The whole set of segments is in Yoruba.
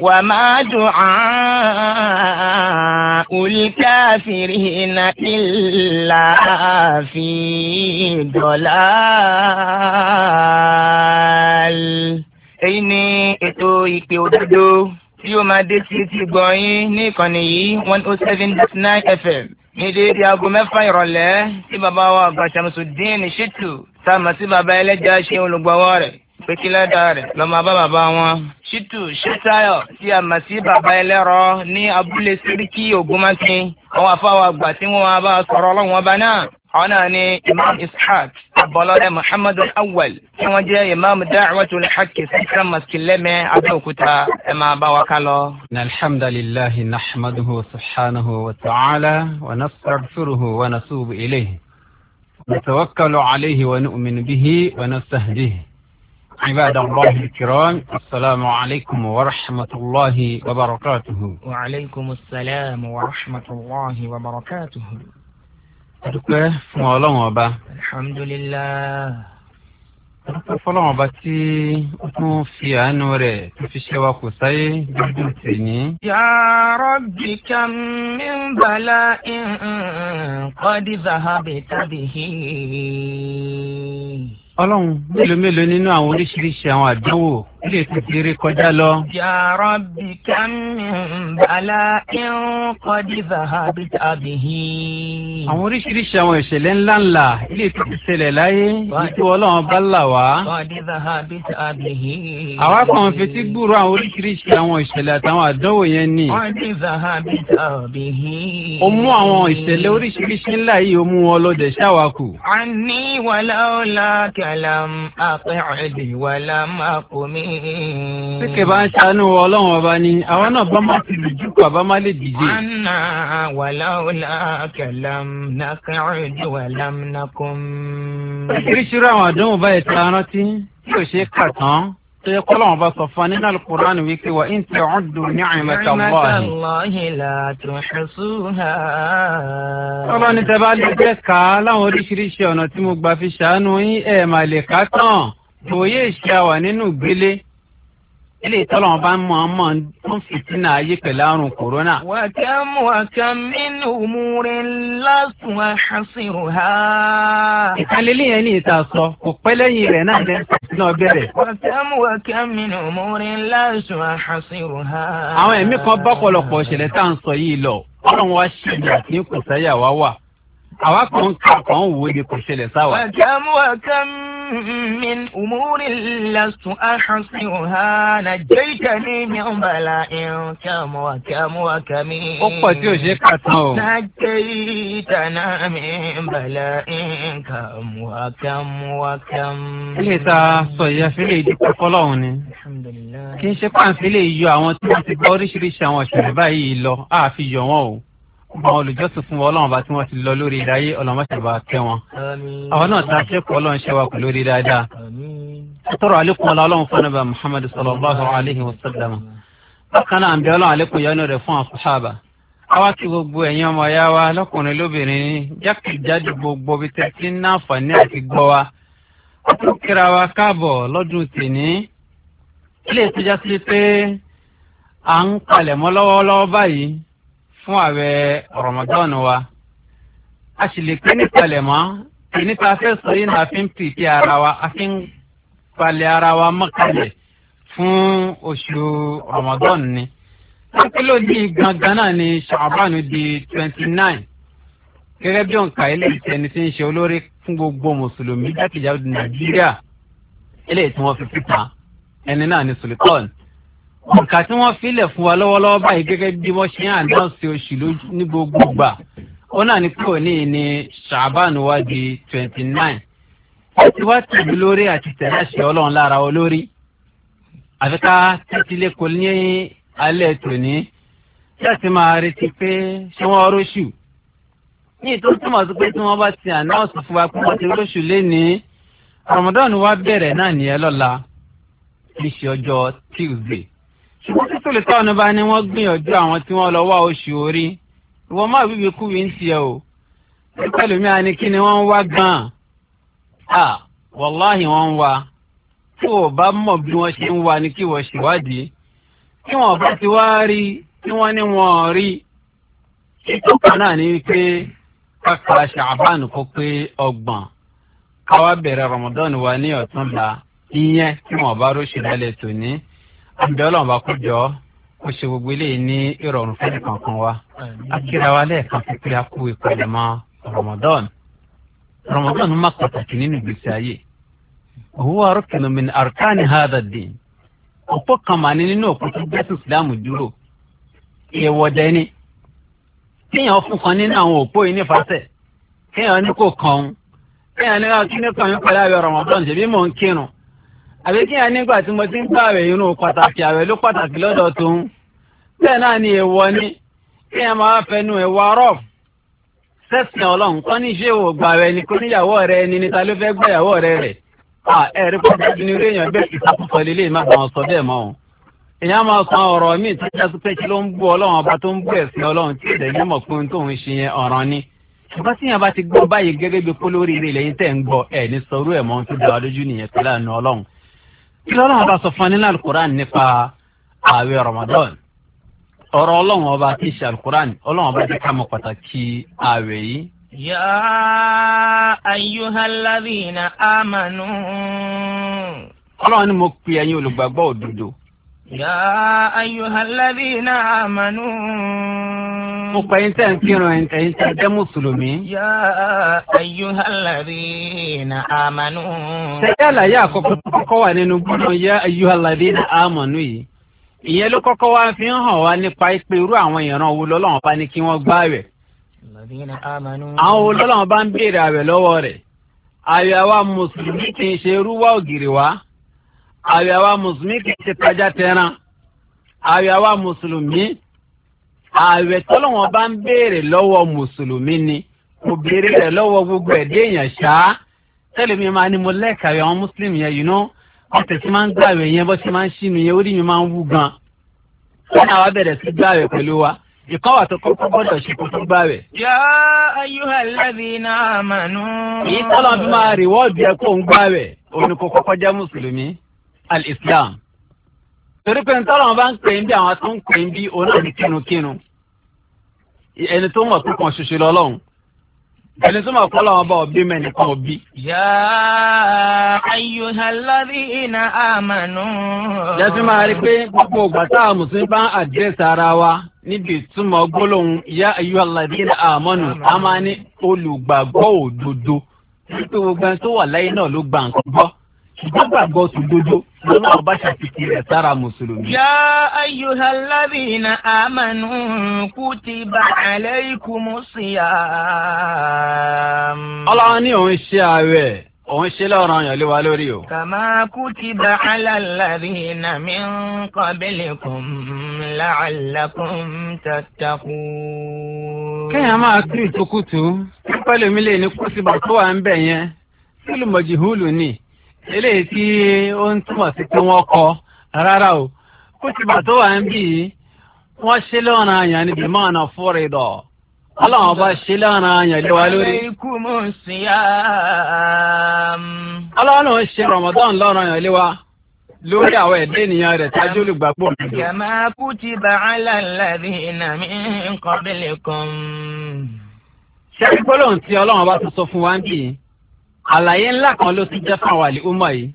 وما دعاء الكافرين إلا في ضلال èyí ni ètò ìpè òdodo tí ó máa dé sí etí gbọ̀nyìn ní ìkànnì yìí one oh seven dot nine fm ní déédéé aago mẹ́fà ìrọ̀lẹ́ tí bàbá wa àgbà Ṣàmùsùdín Ṣítù tá a mọ̀ sí bàbá ẹlẹ́jà ṣe olùgbọ́wọ́ rẹ̀ pé kí lẹ́dàá rẹ̀ lọ́mọ bá bàbá wọn ṣítù ṣẹ́tayọ̀ tí a mọ̀ sí bàbá ẹlẹ́rọ ní abúlé síríkì ògúnmọ́sìn àwọn afáwọn àgbà tí wọ́n bá sọ̀rọ̀ ọlọ́run ọba náà àwọn náà ni imam ishaq abọ́lọ́dẹ muhammad awal tí wọ́n jẹ́ imam da'watul haqqi sẹ́kẹ̀rẹ́ masikilẹ́mẹ́ abẹ́òkúta ẹ̀ máa bá wa ká lọ. alhamdulilayi nahmaduhu subhanahu wa ta'ala wa nastaghfiruhu wa natubu ilayhi wa tawakkalu alayhi wa nu'minu bihi wa nastahdihi. عباد الله الكرام السلام عليكم ورحمة الله وبركاته وعليكم السلام ورحمة الله وبركاته adúpẹ́ fún ọlọ́run ọba. alhamdulilah. adúpẹ́ fọlọ́run ọba tí ó tún fi àánú rẹ̀ tó fi ṣe wa kò sáyé dúdú tèmi. ya rabbi kam min bala'in qad zahabta bihi ọlọ́run mélòó mélòó nínú àwọn oríṣiríṣi àwọn àdánwò ilé tó kéré kọjá lọ. Ya Rabbi kam min bala'in qad dhahabta bihi. àwọn oríṣiríṣi àwọn ìṣẹ̀lẹ̀ ńláńlá ilé tó ti ṣẹlẹ̀ láyé ìtú ọlọ́run bá là wá. qad dhahabta bihi. àwa kan fetí gbúrò àwọn oríṣiríṣi àwọn ìṣẹ̀lẹ̀ àtàwọn àdánwò yẹn ni. qad dhahabta bihi. ó mú àwọn ìṣẹ̀lẹ̀ oríṣiríṣi ńlá yìí ó mú wọn lọ́dẹ̀ ṣáwakù. anni wàlá ọ̀la wàlá máa kò Síkè bá ń ṣàánú ọlọ́run ọba ni, àwọn náà bá má ti lù jùkọ̀ bá má lè dìde. Anna wàláwùlá kẹlẹ́m nàkàrún wàlám nàkùn. Oríṣiríṣi àwọn àdánwò báyìí ta rántí tí ò ṣeé kà tán tó yẹ kọ́lọ́wọ́n bá sọ fún wa nínú alukur'an wípé wa in tẹ ọ̀n dùn ní àyìnbáta wọ́ọ̀hìn. ọlọ́ni tẹ bá lè jẹ́ ká láwọn oríṣiríṣi ọ̀nà tí mo gbà fi ṣàánú yín ẹ̀ lè ká tán ìwòye ìṣàwà nínú ìgbélé ilé ìtọ́lọ̀ bá ń mọ̀ ọ́n mọ̀ ń fìtínà ayé pẹ̀lú àrùn kòrónà. wàkàm wàkàm inú múre lásùn àṣàṣìrò ha. ìkàlélí yẹn ní ìta sọ kò pẹ́ lẹ́yìn rẹ̀ náà lẹ́yìn ìṣúná bẹ̀rẹ̀. wàkàm wàkàm inú múre lásùn àṣàṣìrò ha. àwọn ẹ̀mí kan bá ìṣẹ̀lẹ̀ tá à ń sọ yìí lọ ọlọ́run wá ṣèlú àti kùsàyà wá wà àwa kan ń kà kan wò ó de kò ṣẹlẹ̀ sáwà. àkàmú àkàmú mi umúrí lásùn àhànsìn ọ̀hán nàìjíríà ní mi ò bàlá irun kàmú àkàmú àkàmí. ó pọ̀ tí ò ṣe kà tán o. nàìjíríà náà mi ń bàlá irun kàmú àkàmú àkàmú. ilé ta sọ ìyá fílẹ̀ ìdíkọ̀ fọlọ́hún ni. kì í ṣe pàǹfilẹ̀ yọ àwọn tí wọ́n ti gba oríṣiríṣi àwọn ìṣẹ̀lẹ̀ báyìí lọ àfi yọ wọn o àwọn olùjọ́sìn fún ọlọ́run bá tí wọ́n ti lọ lórí ìdáyé ọlọ́mọṣẹ́bà kẹ́ wọn. àwọn náà ta akẹ́kọ̀ọ́ ọlọ́run ṣẹ́wà kù lórí dáadáa. tọrọ àlékún ọlá ọlọ́run fún ẹnìbà muhammadu sallallahu alayhi wa sallam. bákan náà àǹbí ọlọ́run àlékún yọnu rẹ̀ fún àkùsáàbà. àwa kí gbogbo ẹ̀yin ọmọ ya wa lọ́kùnrin lóbìnrin jákèjádò gbogbo bí tẹ̀sí náà fàní àti gbọ́ wa. ó tún kíra wa káàbọ̀ lọ́dún tèní. ilé ìtújásí pé à ń palẹ̀mọ́ lọ́wọ́lọ́wọ́ báyìí fún àwẹ̀ Ramadan wa a sì lè pé nípalẹ̀ mọ́ ìní tá a fẹ́ sọ yìí náà a fi ń pìpì ara wa a fi ń palẹ̀ ara wa mọ́kalẹ̀ fún oṣù Ramadan ni sákìlò ní gangan náà ni Ṣàbánu di twenty nine gẹ́gẹ́ bí òǹkà eléyìí tẹni tí ń ṣe olórí fún gbogbo mùsùlùmí jákèjádò Nàìjíríà eléyìí tí wọ́n fi pípa ẹni náà ni Sultan ọ̀kà tí wọ́n filẹ̀ fún wa lọ́wọ́lọ́wọ́ báyìí gẹ́gẹ́ bí wọ́n ṣe ń àdáǹsì oṣù ní gbogbo gbà ó náà ní kúrò ní ní ṣàbán wa di twenty nine láti wá tẹ̀lé lórí àti tẹ̀lé àṣẹ ọlọ́run lára olórí àfi ká tẹ́tí lẹ́kọ̀ọ́ ní alẹ́ tòní láti máa retí pé ṣé wọ́n róṣù ní ìtọ́ túmọ̀ sí pé tí wọ́n bá ti ànáwọ̀sì fún wa pé wọ́n ti róṣù lénìí Ramadan wa bẹ̀rẹ̀ náà nìyẹn lọ́la ní ṣe ọjọ́ Tuesday ṣùgbọ́n tí tòlítọ́ọ̀nù bá ní wọ́n gbìyànjú àwọn tí wọ́n lọ wá oṣù orí ìwọ má wíwí kú wí ń tiẹ̀ o pẹ̀lú mi àní kí ni wọ́n ń wá gan-an à wàláhì wọ́n ń wá tó o bá mọ̀ bí wọ́n ṣe ń wá ni kí wọ́n ṣèwádìí tí wọ́n bá ti wá rí tí wọ́n ní wọ́n rí ìtọ́ka náà ni pé káka ṣàbánu kó pé ọgbọ̀n káwá bẹ̀rẹ̀ rọmọdọ́ọ̀nù wa ní ọ̀túnba ìyẹn tí wọ́n bá róṣù lálẹ́ tòní àǹbẹ̀ ọlọ́run bá kú jọ kó ṣe gbogbo eléyìí ní ìrọ̀rùn fẹ́ni kankan wa akíra wa lẹ́ẹ̀kan pípé akú ìpalẹ̀mọ́ Ramadan Ramadan má pàtàkì nínú ìgbésí ayé òwúwa rúkìnnù min arkani hadha din òpó kan mà ní nínú òpó tó gbẹ́sùn dúró ìwọ́dẹ ni kéèyàn fún kan nínú àwọn òpó yìí nífàsẹ̀ kéèyàn ní kò kàn án kéèyàn ní kí kàn án pẹ̀lú àwẹ̀ Ramadan ṣèbí mò ń kírun àbí kí yẹn nígbà tí mo ti ń gbà rẹ̀ inú pàtàkì ààrẹ ló pàtàkì lọ́dọ̀ tòun bẹ́ẹ̀ náà ni èèwọ̀ ni kí yẹn máa fẹnu ẹ̀wọ̀ arọ́ sẹ́sìn ọlọ́run kọ́ ní ṣé o gbà rẹ ni kó níyàwó rẹ ni níta ló fẹ́ gbàyàwó rẹ rẹ̀ à ẹ̀rí pàtàkì ni réèyàn bẹ́ẹ̀ ìtakùsọ lélẹ̀ má bàa sọ bẹ́ẹ̀ mọ́ o èèyàn máa san ọ̀rọ̀ míì tó jásí pé kí ló ń bú ọlọ́run ọba tó ń bú ẹ̀sìn ọlọ́run tí ìdẹ̀ yẹn mọ̀ pé ohun tóun ṣe yẹn ọ̀ràn ni ṣùgbọ́n tí yẹn bá ti gbọ́ báyìí gẹ́gẹ́ bí polówó rírì lẹ́yìn tẹ̀ ń gbọ́ ẹ̀ ní sọrú ẹ̀ mọ́ tó dáa lójú nìyẹn pẹ̀lú àánú ọlọ́run kí lọ́nà ọba sọ fún ẹ nínú alukur'an nípa ààwẹ̀ ramadan ọ̀rọ̀ ọlọ́run ọba tí ṣe alukur'an ọlọ́run ọba jẹ́ ká mọ̀ pàtàkì ààwẹ̀ yìí. يا أيها الذين آمنوا ọlọ́run ni mo pe ẹ̀yin olùgbàgbọ́ òdodo. يا أيها الذين آمنوا mo pè yín tẹ̀ ń kírun ẹ̀ ẹ̀yin tẹ̀ jẹ́ mùsùlùmí. yá ayyuhalladhina amanu. sẹ́yìn àlàyé àkọ́kọ́ tó kọ́kọ́ wà nínú gbọ́dọ̀ yá ayyuhalladhina amanu yìí ìyẹn ló kọ́kọ́ wá fi ń hàn wá nípa pé irú àwọn ìran wo lọ́lọ́run bá ní kí wọ́n gbààwẹ̀. àwọn wo lọ́lọ́run bá ń béèrè àwẹ̀ lọ́wọ́ rẹ̀ àwẹ̀ àwa mùsùlùmí kì í ṣe irú wá ògiri wá àwẹ̀ àwa mùsùlùmí kì í ṣe tajà tẹran àwẹ̀ àwa mùsùlùmí ààwẹ̀ tọ́lọ́wọ́n bá ń béèrè lọ́wọ́ mùsùlùmí ni mo béèrè rẹ̀ lọ́wọ́ gbogbo ẹ̀dẹ́ èèyàn ṣá tẹ́lẹ̀ mi máa ní mo lẹ́ẹ̀kàwé àwọn mùsùlùmí yẹn yìí náà wọ́n tẹ̀sí máa ń gbàwé yẹn bọ́ sí máa ń ṣínú yẹn orí mi máa ń wú gan wọ́n náà wá bẹ̀rẹ̀ sí gbàwé pẹ̀lú wa ìkọ́ wà tó kọ́kọ́ gbọ́dọ̀ ṣe kó tó gbàwẹ̀. yá ayúhà alladhina amanu. èyí tọ́lọ́ fi máa rìwọ́ọ̀dù ẹ̀ kó ń gbàwẹ̀ òun kò kọ́kọ́ jẹ́ mùsùlùmí al-Islam torí pé nítorí àwọn bá ń pè ń bí àwọn tó ń pè ń bí tó mọ̀ tó kàn ṣoṣo lọ́lọ́run ẹni tó mọ̀ kọ́ lọ́wọ́ bá ọbí mẹ́ni kan òbí. yá ayyuhal ladhina amanu. jẹ́sí máa rí i pé gbogbo ògbà tá a mùsùlùmí bá ń àdírẹ́sì ara wa níbi ìtumọ̀ gbólóhùn yá ayyuhal ladhina amanu a máa ní olùgbàgbọ́ òdodo nítorí gbogbo ẹni tó wà láyé náà ló gbà ń gbọ́ ṣùgbọ́n gbàgbọ́ tòdodo lọ́nà ọba ṣàtìkì rẹ̀ sára mùsùlùmí. yá ayyuhal ladhina amanu kutiba alaykumus siyam. ọlọ́run ní òun ṣe ààrẹ òun ṣe lọ́rọ̀ yàn lé lórí o. kama kutiba ala alladhina min qablikum la'allakum tattaqun. kéèyàn máa tú ìtukùtù pẹ́lú mi lè ní kùtìbà tó wà ń bẹ̀ yẹn sílùmọ̀jì húlù ni. eléyìí tí ó ń túmọ̀ sí pé wọ́n kọ rárá o tó wà ń wọ́n ṣe lọ́nà àyàn níbi máa na fúri dọ̀ ọlọ́run bá ṣe lọ́nà àyàn lé lórí. ọlọ́run ṣe rọmọdán lọ́nà àyàn lé lórí àwọn ẹ̀dẹ́ ènìyàn rẹ̀ tájú olùgbàgbọ́ òdodo. kàmá kùtìbà ala alladhina min qablikum. ṣé tí ọlọ́run bá sọ fún wa ń àlàyé ńlá kan ló ti jẹ́ fún àwọn àlùmọ́ yìí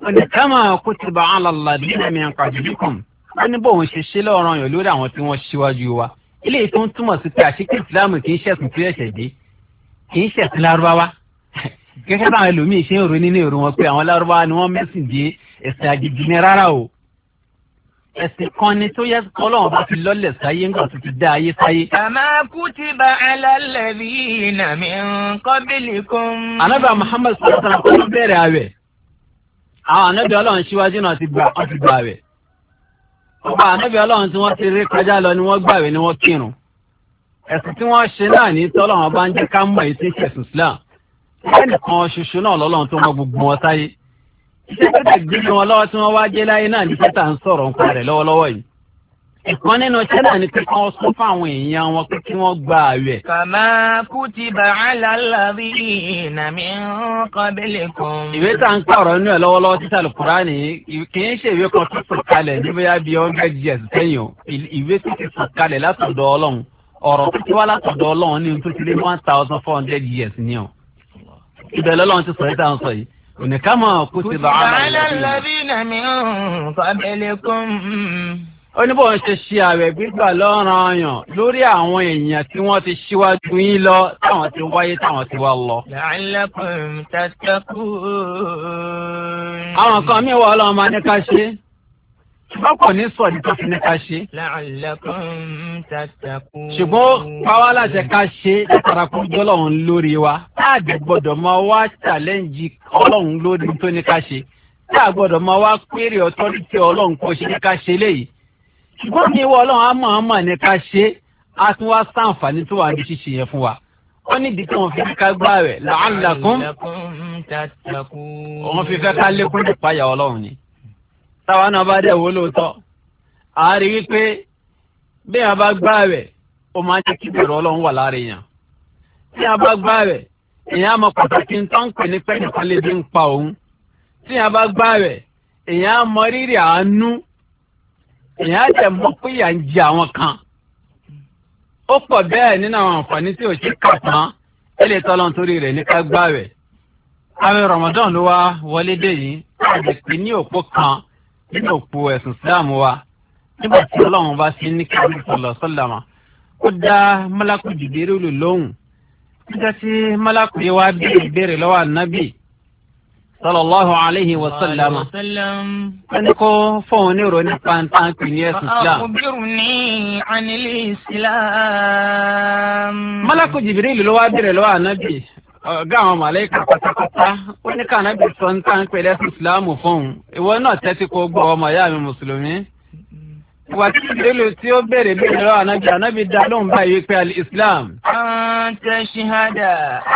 wọ́n ní kámà kó ti bá àwọn alàlàbí ẹ̀mí ẹ̀ka jùlùkùn wọ́n ní bóun ṣe ṣe lọ́ọ̀rọ̀ yàn lórí àwọn tí wọ́n ṣíwájú wa ilé tó ń túmọ̀ sí pé àṣíkè ìsìláàmù kì í ṣẹ̀sùn tó ẹ̀ṣẹ̀ dé kì í ṣẹ̀sùn lárúbáwá gẹ́gẹ́ báwọn ẹlòmíì ṣe ń ro nínú èrò wọn pé àwọn lárúbáwá ni wọ́n mẹ́sìn dé ẹ̀sìn àjèjì ni rárá o ẹ̀sìn kan ni tó yẹ kọ́lọ́wọ́n bá fi lọ́lẹ̀ sáyé ńgbà tó ti dá ayé sáyé. kàmá kutiba ala alladhina min qablikum. anábà muhammad sallallahu alaihi wasallam bẹ̀rẹ̀ àwẹ̀ àwọn anábì ọlọ́run síwájú náà ti gbà wọ́n ti gbà àwẹ̀. ọba anábì ọlọ́run tí wọ́n ti rí kọjá lọ ni wọ́n gbàwẹ̀ ni wọ́n kírun. ẹ̀sìn tí wọ́n ṣe náà ní tọ́lọ́wọ́n bá ń jẹ́ ká mọ̀ èyí tí ń ṣẹ̀sìn islam. ẹnìkan ṣoṣo náà lọ́lọ́run tó mọ gbogbo wọn sáyé iṣẹ́ tó tẹ̀ gbé wọn lọ́wọ́ tí wọ́n wá jẹ́ láyé náà ní sẹ́tà ń sọ̀rọ̀ nípa rẹ̀ lọ́wọ́lọ́wọ́ yìí. ìkan nínú iṣẹ́ náà ni pé kí wọ́n sún fáwọn èèyàn wọn pé kí wọ́n gba àwẹ̀. kàmá kú ti bà á lálàbí ìnàmí kan bẹ́lẹ̀ kan. ìwé tá ń pààrọ̀ inú ẹ̀ lọ́wọ́lọ́wọ́ títà lùkùránì kì í ṣe ìwé kan tó sùn kalẹ̀ ní bóyá bíi hundred years sẹ́yìn o ìwé tó ti sùn kalẹ̀ látọ̀dọ̀ ọlọ́run ọ̀rọ̀ tó ti wá látọ̀dọ̀ ọlọ́run ní one thousand four hundred years ní o ìbẹ̀lẹ́ ọlọ́run ti sọ̀rọ̀ òní ká mọ̀ kó ti bá aláàlá mi fàbẹ̀lẹ̀kùn. ó ní bó ń ṣe ṣe ààwẹ̀ gbígbà lọ́ranyàn lórí àwọn èèyàn tí wọ́n ti ṣíwájú yín lọ táwọn ti wáyé táwọn ti wá lọ. làálàkùn tàtàkùn. àwọn kan mi wà ọlọ́run ní ká ṣe ọkọ̀ ní sọ ní tó fi ní ká ṣe. ṣùgbọ́n pàwọ́ aláṣẹ ká ṣe látara kó jọlọ́run lórí wa táàgbẹ̀ gbọ́dọ̀ máa wá challenge ọlọ́run lórí tó ní ká ṣe táà gbọ́dọ̀ máa wá péré ọtọ́rìtì ọlọ́run kó ṣe ní ká ṣe léyìí. ṣùgbọ́n ní ìwọ ọlọ́run á mọ̀ á mọ̀ ní ká ṣe á tún wá sàǹfààní tó wà ní ṣíṣe yẹn fún wa wọ́n ní ìdí tí wọ́n fi táwa náà bá dẹ̀ wó lóòótọ́ àárí wípé bí a bá gbá rẹ̀ ó máa ń jẹ́ kí bẹ̀rù ọlọ́run wà lára èèyàn tí a bá gbá rẹ̀ èèyàn á mọ pàtàkì ń tán pè ní pẹ́ẹ́nìkan lè bí ń pa òun tí a bá gbá rẹ̀ èèyàn á mọ rírì àánú èèyàn á jẹ́ mọ pé ìyà ń jẹ àwọn kan ó pọ̀ bẹ́ẹ̀ nínú àwọn àǹfààní tí ò ṣe kà tán ẹ lè tọ́lọ́ nítorí rẹ̀ ní ká gbá rẹ̀ àwọn Ramadan ló wá wọlé dé yìí láti ní òpó kan nínú òpó ẹ̀sìn islam wa nígbà tí ọlọ́run bá ṣe ní kábíyì sọlọ sọlọmà ó dá málákù dìgbèrè lò lóhùn nígbà tí málákù yẹn wá bí ìbéèrè lọ́wọ́ ànábì sallallahu alayhi wa sallama ẹni kó fóun ní ìròyìn nípa ní ẹ̀sìn islam. málákù dìgbèrè lò lọ́wọ́ àbẹ̀rẹ̀ lọ́wọ́ ànábì ọ̀gá àwọn màlẹ́kà pátápátá ó ní kànáàbì sọ ń tán pé lẹ́sìn ìsìláàmù fóun ìwọ náà tẹ́tí kó gbọ́ ọmọ ìyá mi mùsùlùmí. ìwà ìdílé tí ó béèrè béèrè lọ́wọ́ anábì anábì dá lóhùn báyìí pé àlè ìsìláàmù. àwọn tẹ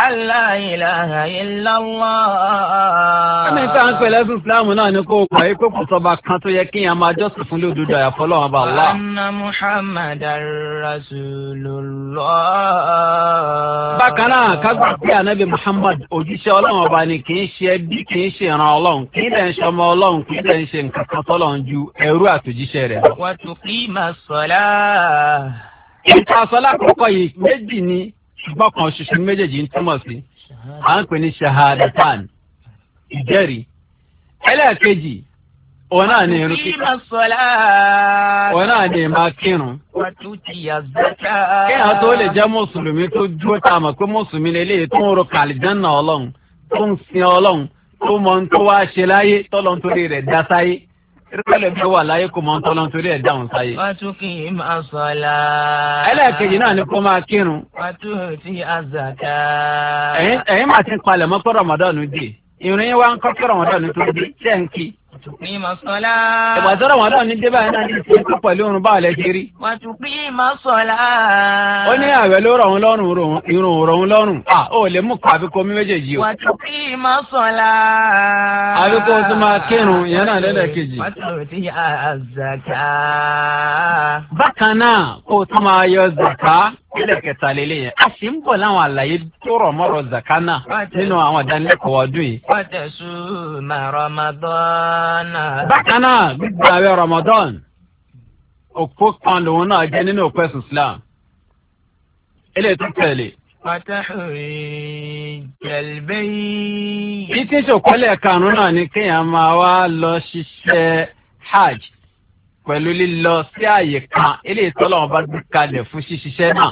aláìláha ìlàwọ́. ẹni tá ń pè lẹ́sìn ìsìláàmù náà ni kó o gbà pé kò sọba kan tó yẹ kíyàn máa jọ́sìn fún lódodo àyàfọ́ lọ́wọ́n bá wà. anna muhammadar rasulullah bákan náà kágbà pé ànábì muhammad òjíṣẹ́ ọlọ́run ọba ni kì í ṣe ẹbí kì í ṣe ìran ọlọ́run kì í dẹ̀ ń ṣọmọ ọlọ́run kì í dẹ̀ ń ṣe nǹkan kan tọ́lọ́run ju ẹrú àtòjíṣẹ́ rẹ̀. wọ́n tún kí máa sọ̀lá. ìta sọlá kọ́kọ́ yìí méjì ni ṣùgbọ́n kan ṣoṣo méjèèjì ń túmọ̀ sí à ń pè ní shahadatan ìjẹ́rìí ẹlẹ́ẹ̀kejì òun náà ni irun kíkà òun náà ni máa kírun. kéèyàn tó lè jẹ́ mùsùlùmí tó dúró tá a mọ̀ pé mùsùlùmí lè léyìí tó ń ro kàlìjánná ọlọ́run tó ń sin ọlọ́run tó mọ̀ tó wáá ṣe láyé tọ́lọ́ torí rẹ̀ dá sáyé irúgbẹ́lẹ̀ bí wà láyé kò mọ̀ ń torí ẹ̀ dáhùn sáyé. wàtúkì máa sọ̀la. ẹlẹ́ẹ̀kejì náà ni kó máa kírun. wàtúkì azàká. ẹ̀yin máa ti palẹ̀ mọ́ Ramadan dé ìrìn wa ń kọ́ Ramadan tó dé ṣé وتقيم الصلاة وزارة وانا ندبا انا pẹ̀lú báwo lẹ ṣe rí. wọ́n tún kí ìmọ̀ sọ̀la. ó ní àwẹ̀ ló rọ̀ òun lọ́rùn irun òrò òun lọ́rùn. à ó lè mú kàbí kó mi méjèèjì o. wọ́n tún kí ìmọ̀ sọ̀la. àbí kó o tún máa kírun yẹn náà lẹ́lẹ̀ kejì. wọ́n tún ti bákan náà kó o máa yọ zàkà ilẹ̀ kẹta lele yẹn. a sì ń bọ̀ láwọn àlàyé tó rọ̀ mọ́rọ̀ zakana nínú àwọn ìdánilẹ́kọ̀ọ́ ọdún yìí. wàtẹ̀sù ma ramadan. bákan náà gbígbà ramadan òpó kan lòun náà jẹ́ nínú òpó ẹ̀sùn islam. ilé tó tẹ̀lé. pàtàkì jẹ̀lbẹ́ yìí. bí tí sòkòlẹ̀ karùn-ún náà ni kéèyàn máa wá lọ ṣiṣẹ́ hajj pẹ̀lú lílọ sí àyè kan eléyìí tọ́lọ́ wọn bá gbé kalẹ̀ fún ṣíṣiṣẹ́ náà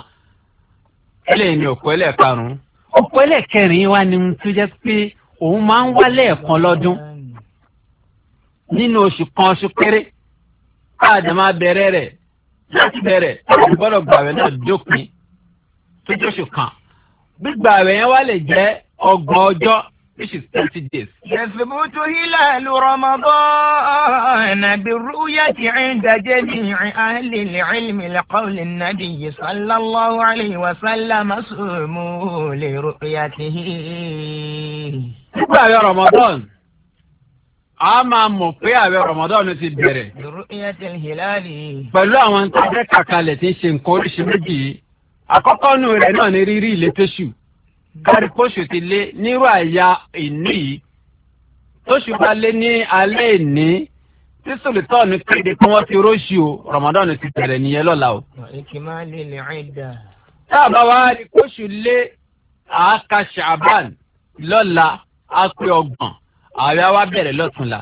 eléyìí ni òpó ẹlẹ́ karùn-ún. òpó ẹlẹ́ kẹrin wa ni tó jẹ́ pé òun máa ń wá lẹ́ẹ̀kan lọ́dún nínú oṣù kan oṣù péré káàdì máa bẹ̀rẹ̀ rẹ̀ láti bẹ̀rẹ̀ gbọ́dọ̀ gbàwẹ̀ náà dópin tó jọ́ṣù kan gbígbàwẹ̀ yẹn wá lè jẹ́ ọgbọ̀n ọjọ́ which is thirty days. يثبت هلال رمضان بالرؤية عند جميع أهل العلم لقول النبي صلى الله عليه وسلم صوموا لرؤيته. nígbà àwẹ̀ Ramadan a máa mọ̀ pé àwẹ̀ Ramadan ti bẹ̀rẹ̀. برؤية الهلال. pẹ̀lú àwọn tó jẹ́ kàkàlẹ̀ tí ń ṣe nǹkan oríṣi méjì yìí àkọ́kọ́ nù rẹ̀ náà ni rírí ìlétẹ́sù kárí kóṣù ti lé nírú àyà ìnú yìí tóṣù bá lé ní alẹ́ ìní tí sòlítọ́ọ̀nù kéde kí wọ́n ti róṣù o rọmọdọ́ọ̀nù ti bẹ̀rẹ̀ nìyẹn lọ́la o. tá a bá wá rí kóṣù lé àáka ṣàbàn lọ́la á pé ọgbọ̀n ààrẹ wa bẹ̀rẹ̀ lọ́túnla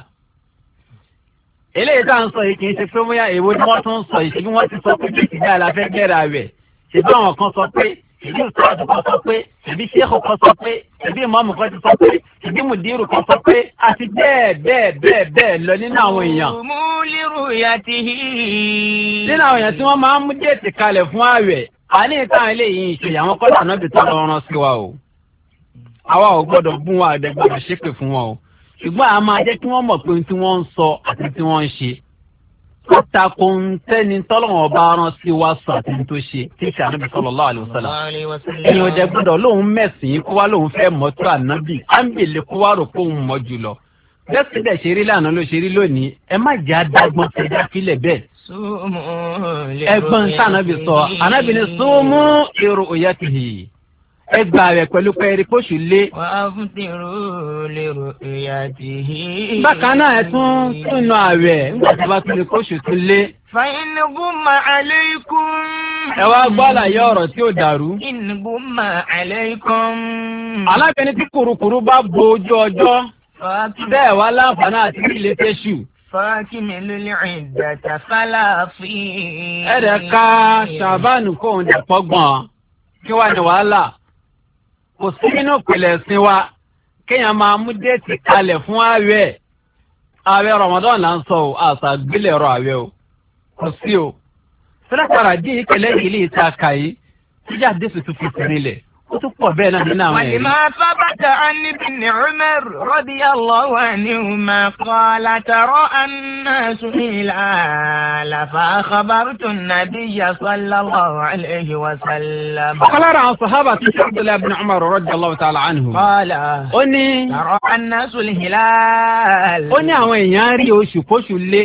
eléyìí tá à ń sọ yìí kì í ṣe pé bóyá èwo ni wọ́n tún sọ yìí ṣe wọ́n ti sọ pé kìkì dáa bẹ̀rẹ̀ àwẹ̀ ṣe àwọn kan sọ pé ìbí ìtọ́jú kan sọ pé ìbí sẹ́kù kan sọ pé ìbí ìmọ̀mù kan ti sọ pé ìbí mùdírù kan sọ pé àti bẹ́ẹ̀ bẹ́ẹ̀ bẹ́ẹ̀ bẹ́ẹ̀ lọ nínú àwọn èèyàn. mú lérò ìyá ti hí. nínú àwọn èèyàn tí wọ́n máa ń mú déètì kalẹ̀ fún ààwẹ̀ àní ìtàn eléyìí ìṣòyà àwọn kọ́lá náà bìtọ́ lọ rán sí wa o. àwa ò gbọ́dọ̀ bún wa àdẹ́gbàgbà ṣépè fún wọn o ṣùgbọ́n a máa jẹ́ kí wọ́n mọ̀ pé ohun tí wọ́n ń sọ àti tí wọ́n ń ó ta ko ń tẹ́ni tọ́lọ́wọ́n bá rán sí wa sàn àti tó ṣe tí ṣe ànábì sallallahu alaihi wasallam. ẹ̀yin ọ̀dẹ gbọ́dọ̀ lòun mẹ̀sìn kó wá lòun fẹ́ mọ́tò ànábì ámbèlè kó wá rò kóun mọ̀ jùlọ. bẹ́ẹ̀ sì dẹ̀ ṣe rí lánàá ló ṣe rí lónìí ẹ má jẹ́ adágbọ́n tẹ̀dá sílẹ̀ bẹ́ẹ̀. ẹgbọ́n sànàbì sọ ànábì ni súnmú èrò òyà tìhì. ẹ gbà rẹ pẹ̀lú pẹ̀lú lé. wà á fún tìrú lérò ìyá tì bákan náà ẹ tún tún a bá tún tún lé. fàyínnìkún mà aleikum. ẹ wá gbọ́ àlàyé ọ̀rọ̀ tí ò dàrú. fàyínnìkún aleikum. tí bá bo ojú ọjọ́. bẹ́ẹ̀ wá láǹfààní àti ilé fáláàfin. ṣàbánù Kí wàá ní wàhálà? kò sí nínú ìpìlẹ̀ ẹ̀sìn wa kéèyàn máa mú déètì kalẹ̀ fún ààwẹ̀ ààwẹ̀ Ramadan là ń sọ o àṣà gbélé ọ̀rọ̀ ààwẹ̀ o kò sí o sílẹ̀ kàràdí ìkẹlẹ́ yìí lè ta kàyí tíjà dísì tuntun nílẹ̀ ó tún pọ̀ bẹ́ẹ̀ náà nínú àwọn ẹ̀rí. wàlímọ̀ sábàtà ánìbí ní Umar radiyallahu anhuma qala tara annasu ila lafa khabartu nabiyya sallallahu alayhi wa sallam. ọ̀kan lára àwọn sàhábà tó ṣe Abdullahi bin Umar radiyallahu ta'ala anhu. qala ó ní. tara annasu ó ní àwọn èèyàn rí oṣù kóṣù lé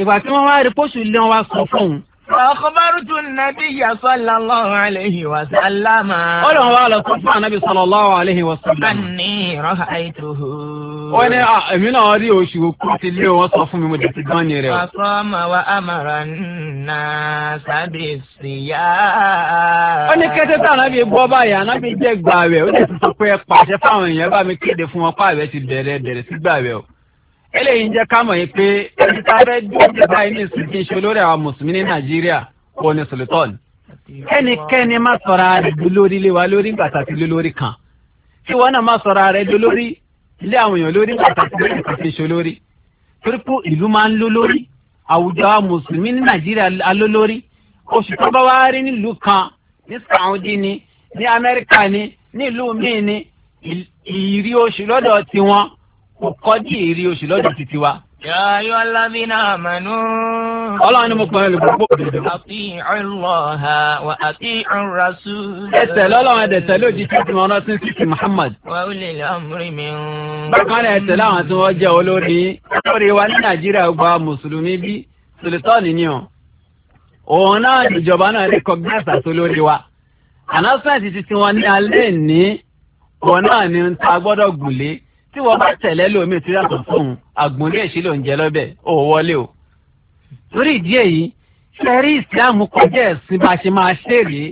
ìgbà tí wọ́n wá rí kóṣù lé wọn wá sọ fún un. Àkọ́bárùtù nàbí sallallahu alayhi wa sallam. Ó lè wá lọ sọ fún ànábì sallallahu alayhi wa sallam. Àní ra'aytuhu. Ó ní ah, èmi náà rí oṣù kú ti lé wọn sọ fún mi mo jẹ ti gán ni rẹ̀. Àfọ́mà wa amara nà sábì síyá. Ó ní kété tí ànábì gbọ́ báyìí ànábì jẹ́ gbààwẹ̀ ó lè sọ pé pàṣẹ fáwọn èèyàn bá mi kéde fún wọn pààwẹ̀ ti bẹ̀rẹ̀ bẹ̀rẹ̀ sí gbààwẹ̀ o eléyìí ń jẹ́ ká mọ̀ yín pé ẹni tá a fẹ́ dúró báyìí ní ìsìn kí n ṣe olórí àwọn mùsùlùmí ní nàìjíríà kò ní sòlítọ́ọ̀nù ẹnikẹ́ni má sọ̀rọ̀ rẹ̀ dolórí lé wa lórí pàtàkì lólórí kan tí wọ́n náà má sọ̀rọ̀ rẹ̀ dolórí lé àwọn èèyàn lórí pàtàkì lórí kan fi ṣe olórí torí ìlú máa ń lólórí àwùjọ àwọn mùsùlùmí ní nàìjíríà alólórí oṣù tó bá wá rí nílùú kan ní Saudi ni ní amẹ́ríkà ni nílùú míì ni ìrí oṣù lọ́dọ̀ tiwọn kò kọjú ìrì oṣù lọ́dọ̀ títí wa. Yàyọ́ Alábínà Àmànú. Ọlọ́run ni mo pọ̀ ẹ́ lè gbogbo òdòdó. Àti ìrànlọ́ha wà àti ìrànrasú. Ẹsẹ̀ lọ́lọ́run ẹ̀dẹ̀ tẹ̀lé òjijì tí wọ́n rántí sí ti Muhammad. Wà ó lè lámúrí mi. Bákan náà ẹsẹ̀ láwọn tí wọ́n jẹ́ olórí. Olórí wa ní Nàìjíríà gba Mùsùlùmí bí Sùlùtọ́ọ̀nì ni ọ̀. Òun náà ìjọba náà lè kọ gbẹ́sà tó lórí wa. Ànásẹ́ǹtì ti tí wọ́n bá tẹ̀lé lómi tí yàtọ̀ fóun àgbọ̀nrí ẹ̀ṣin ló ń jẹ lọ́bẹ̀ ò wọlé o. torí ìdí èyí fẹ́rí ìsìláàmù kọjá ẹ̀sìn bá ṣe máa ṣe rèé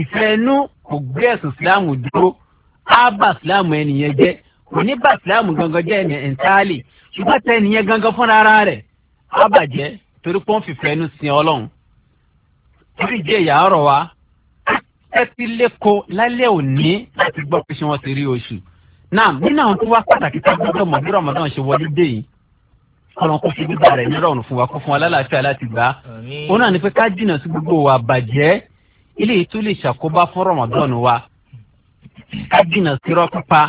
ìfẹ́ inú kò gbé ẹ̀sìn ìsìláàmù dúró á bà ìsìláàmù ẹnìyẹn jẹ́ kò ní bà ìsìláàmù gangan jẹ́ ẹ̀nì ẹ̀ńtálì ṣùgbọ́n tẹ ẹnìyẹn gangan fúnra ara rẹ̀ á bàjẹ́ torí pọ́n fìfẹ́ inú sin ọlọ́run. torí ìdí èyí àárọ̀ wa ẹ ti léko lálẹ́ òní láti gbọ́ pé ṣé wọ́n ti rí oṣù náà nínú àwọn tó wá pàtàkì tá a gbọ́dọ̀ mọ̀ bí rọmọdán ṣe wọlé dé yìí kọlọn kó fi gbígbà rẹ̀ ní rọrùn fún wa kó fún wa lálàáfíà láti gbà á òun náà ní pé ká jìnnà sí gbogbo wa bàjẹ́ ilé yìí tó lè ṣàkóbá fún rọmọdán wa ká jìnnà sí rọpípa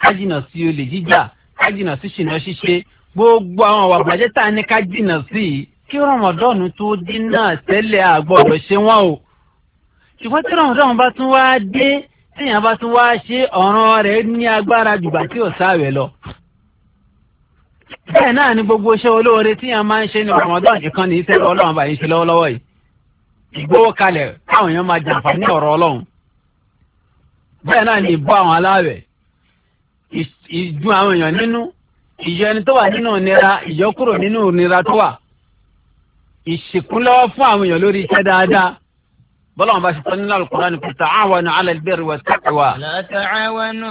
ká jìnnà sí olè jíjà ká jìnnà sí ṣìnà ṣíṣe gbogbo àwọn àwọn àbàjẹ́ tá a ní ká jìnnà sí i kí rọmọdán tó dín náà tẹ́lẹ̀ àgbọ̀dọ̀ ṣe wọ́n o ṣùgbọ́n tí rọmọdán bá tún wá dé tíyàn bá tún wáá ṣe ọ̀ràn rẹ̀ ní agbára jùgbà tí ò sáwẹ̀ lọ. bẹ́ẹ̀ náà ni gbogbo iṣẹ́ olóore tíyàn máa ń ṣe ní Ramadan nìkan ní iṣẹ́ ọlọ́run bá yín ṣe lọ́wọ́lọ́wọ́ yìí. ìgbówó kalẹ̀ káwọn èèyàn máa jàǹfààní ọ̀rọ̀ ọlọ́run. bẹ́ẹ̀ náà ni ìbọ́ àwọn aláwẹ̀ ìdun àwọn èèyàn nínú ìyọ ẹni tó wà nínú ìnira ìyọkúrò nínú ìnira tó wà ìṣèkúnlọ́wọ́ fún àwọn èèyàn lórí iṣẹ́ dáadáa bọ́lọ́wọ́n bá ṣe tán nínú Al-Qur'an ni ta'awanu 'ala al-birri wat-taqwa. la ta'awanu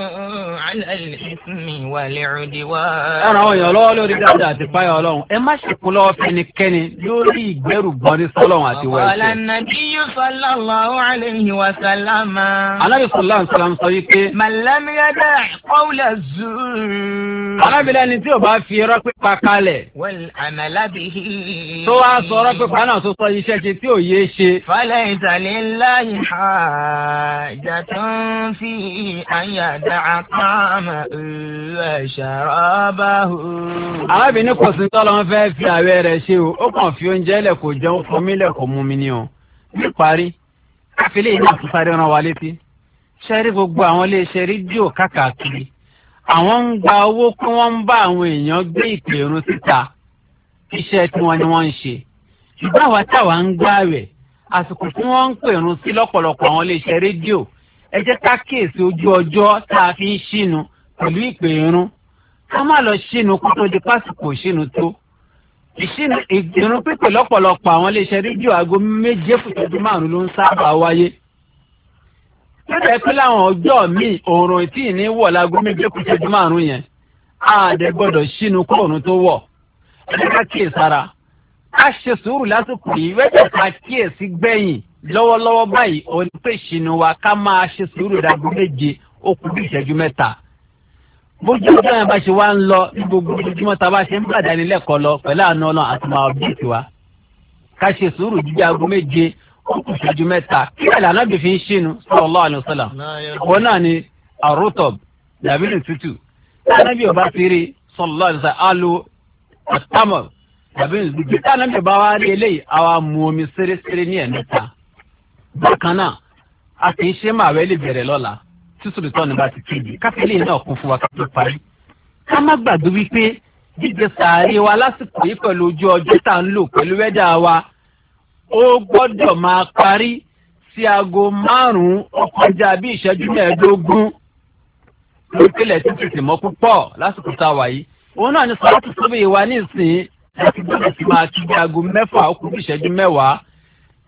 'ala al-ithmi wal-'udwan. ẹ̀rọ àwọn èèyàn lọ́wọ́ lórí dáadáa àti fáyọ̀ ọlọ́run ẹ má ṣe kú lọ́wọ́ fẹnikẹ́ni lórí ìgbẹ́rù bọ́ni sọ́lọ́run àti wẹ̀ ṣe. Nabiyyu sallallahu alayhi wa sallam. alábi sallallahu alayhi wa sallam sọ wípé. man lam yada' qawla az لله حاجة في أن يدع طعمه وشرابه. arábìnrin kò sí tọ́lọ́ ń fẹ́ fi àwẹ̀ rẹ̀ ṣe o ó kàn fi oúnjẹ lẹ̀ kò jẹun kò mí lẹ̀ kò mú mi ni o níparí káfílẹ̀ yìí náà tún sáré rán wa létí ṣẹ́rí gbogbo àwọn iléeṣẹ́ ń gba owó kí wọ́n ń bá àwọn èèyàn gbé ìpè irun síta iṣẹ́ tí wọ́n ni wọ́n ń ṣe ìbáwa táwa ń gbá rẹ̀ àsìkò tí wọ́n ń pèrun sí lọ́pọ̀lọpọ̀ àwọn iléeṣẹ́ rédíò ẹ jẹ́ ká kíyèsí ojú ọjọ́ tá a fi ń ṣìnú pẹ̀lú ìpè irun ká má lọ ṣìnú kó tó di pásìkò ṣìnú tó ìrun pípè lọ́pọ̀lọpọ̀ àwọn iléeṣẹ́ rédíò aago méje fùtọ́jú márùn ló ń sábà wáyé lọ́dọ̀ pé láwọn ọjọ́ míì òòrùn tí ì ní wọ̀ láago méje fùtọ́jú márùn yẹn àdẹ ṣìnú kóòrùn tó wọ̀ ẹ jẹ́ ká kíyèsára a ṣe sùúrù lásìkò yìí wẹ́jẹ̀ ká kíyèsí gbẹ̀yìn lọ́wọ́lọ́wọ́ báyìí òun pè ṣìnà wa ká máa ṣe sùúrù dàgbò méje ó kù bí ìṣẹ́jú mẹ́ta. bójú ọjọ́ yẹn bá ṣe wá ń lọ ní gbogbo ojúmọ́ ta bá ṣe ń bàdá nílẹ̀kọ́ lọ pẹ̀lú àánú ọlọ́run àti máa bí ìtì wa. ká ṣe sùúrù jíjẹ aago méje ó ìṣẹ́jú mẹ́ta kí ẹ̀là náà bì fi ń ṣìnú sallallahu alaihi tàbí ìgbìgbì tá náà bá wá rí eléyìí àwa mu omi sérésére ní ẹ̀mẹ́ta bákan náà a kì í ṣe máa wẹ́ lè bẹ̀rẹ̀ lọ́la sísòrò tọ́ni bá ti kéde káfíńlẹ̀ náà kún fún wa ká tó parí. ká má gbàgbé wípé jíjẹ sàárè wa lásìkò yìí pẹ̀lú ojú ọjọ́ tá à ń lò pẹ̀lú wẹ́dà wa ó gbọ́dọ̀ máa parí sí aago márùn-ún ó kọjá ìṣẹ́jú mẹ́ẹ̀ẹ́dógún lókèlè títí tìmọ́ púpọ̀ lásìkò tá yìí òun náà ni sọ́ọ́tù sóbì wa ní láti gbọ́dọ̀ sí máa kí bí aago mẹ́fà ọkùnrin ìṣẹ́jú mẹ́wàá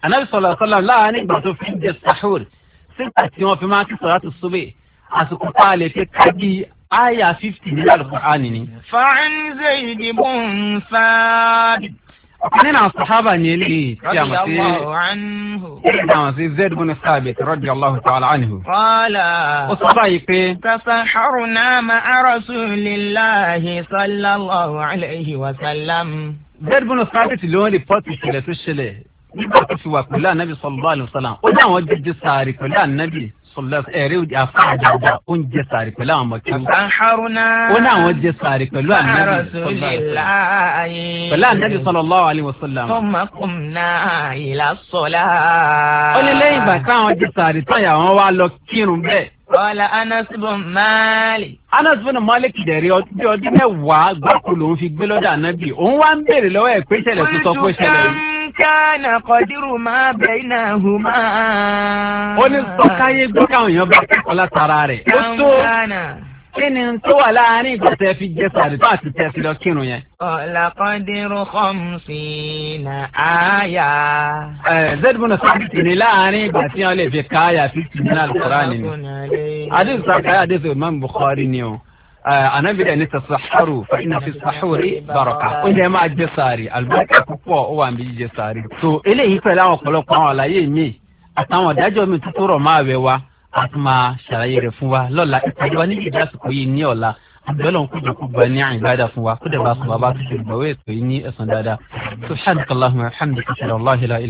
anabi sọlá sọlá láàárín ìgbà tó fi ń jẹ sahur sígbà tí wọ́n fi máa kí sọlá tó sóbè àsìkò tá a lè fi àyà fífì nílẹ̀ àlùkò ànínì. fàánì zayd ibn fàdí nínú àwọn sàhábà ní eléyìí tí a mọ̀ sí tí a mọ̀ sí zed bin sabit radiyallahu ta'ala anhu. kọ́lá ó sọ báyìí pé. tasaharuna ma'a rasulillahi sallallahu alayhi wa sallam. zed bin sabit ló ń rìpọ́tì ìṣẹ̀lẹ̀ tó ṣẹlẹ̀ nígbà tó fi wà pẹ̀lú ànábì sallallahu alayhi wa sallam ó dá àwọn jíjí sàárì pẹ̀lú ànábì sọlọsọ ẹrẹ afa àdàdà ó ń jẹ sàrí pẹ̀lú àwọn ọmọkiri. àkàrúnà ó ní àwọn jẹ sàrí pẹ̀lú ànábì pẹ̀lú ànábì sallallahu alaihi wasallam. tọmọkùnà ìlà sọlá. ó ní lẹ́yìn ìgbà táwọn jẹ sàrí táyà wọn wá lọ kírun bẹ́ẹ̀. Ọ̀la Anas bin Malik. Anas bin Malik dẹ̀rẹ̀ ọdún ọdún mẹ́wàá gbáko lòún fi gbé lọ́dọ̀ ànábì. Òun wá ń béèrè lọ́wọ́ ẹ̀ kánà kọdírù máa bẹ iná hù máa. ó ní sọ káyé gbọ́ bá kọ́ látara rẹ̀. ó tó kí ni tó wà láàárín ìgbà tẹ́ fi jẹ sàrí tó àti tẹ́ fi lọ kírun yẹn. ọ̀làkọ́ndínrún kọ́mùsì nà áyà. ẹ zedmund sábìtì ni láàárín ìgbà tí wọn lè fi káyà fífi ní alukóra nínú. adéṣe sàkáyà adéṣe imam bukhari ni o anabidẹ ni sasa haru fa ina fi sahuri baraka o jẹ máa jẹ sààrì alibarika púpọ̀ ó wà níbi jíjẹ sààrì. so eléyìí pẹ̀lú àwọn ọ̀pọ̀lọpọ̀ àwọn àlàyé mi àtàwọn ìdájọ́ mi tuntun rọ̀ máa wẹ̀ wa a tún máa ṣàlàyé rẹ̀ fún wa lọ́la ìpàdé wa níbi ìdásìkò yìí ní ọ̀la abẹ́lẹ̀ òkúta kú gba ní àyìnbáda fún wa kódà bá sọ̀rọ̀ bá tó ṣe ìgbàwé ètò yìí ní ẹ̀sán dáadáa subhanahu wa ta'ala alhamdulilayi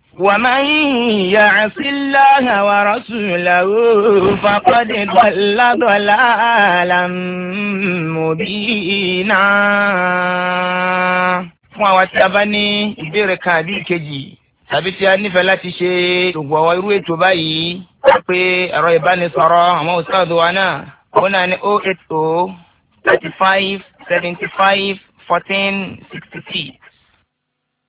ومن يعص الله ورسوله فقد ضل ضلالا مبينا fún àwa tí a bá ní ìbéèrè kan àbí ìkejì tàbí tí a nífẹ̀ẹ́ láti ṣe gbogbo àwọn irú ètò báyìí wọ́n pe ẹ̀rọ ìbánisọ̀rọ̀ àwọn òṣèlú wa náà ó náà ní oh eight oh thirty five seventy five fourteen sixty six.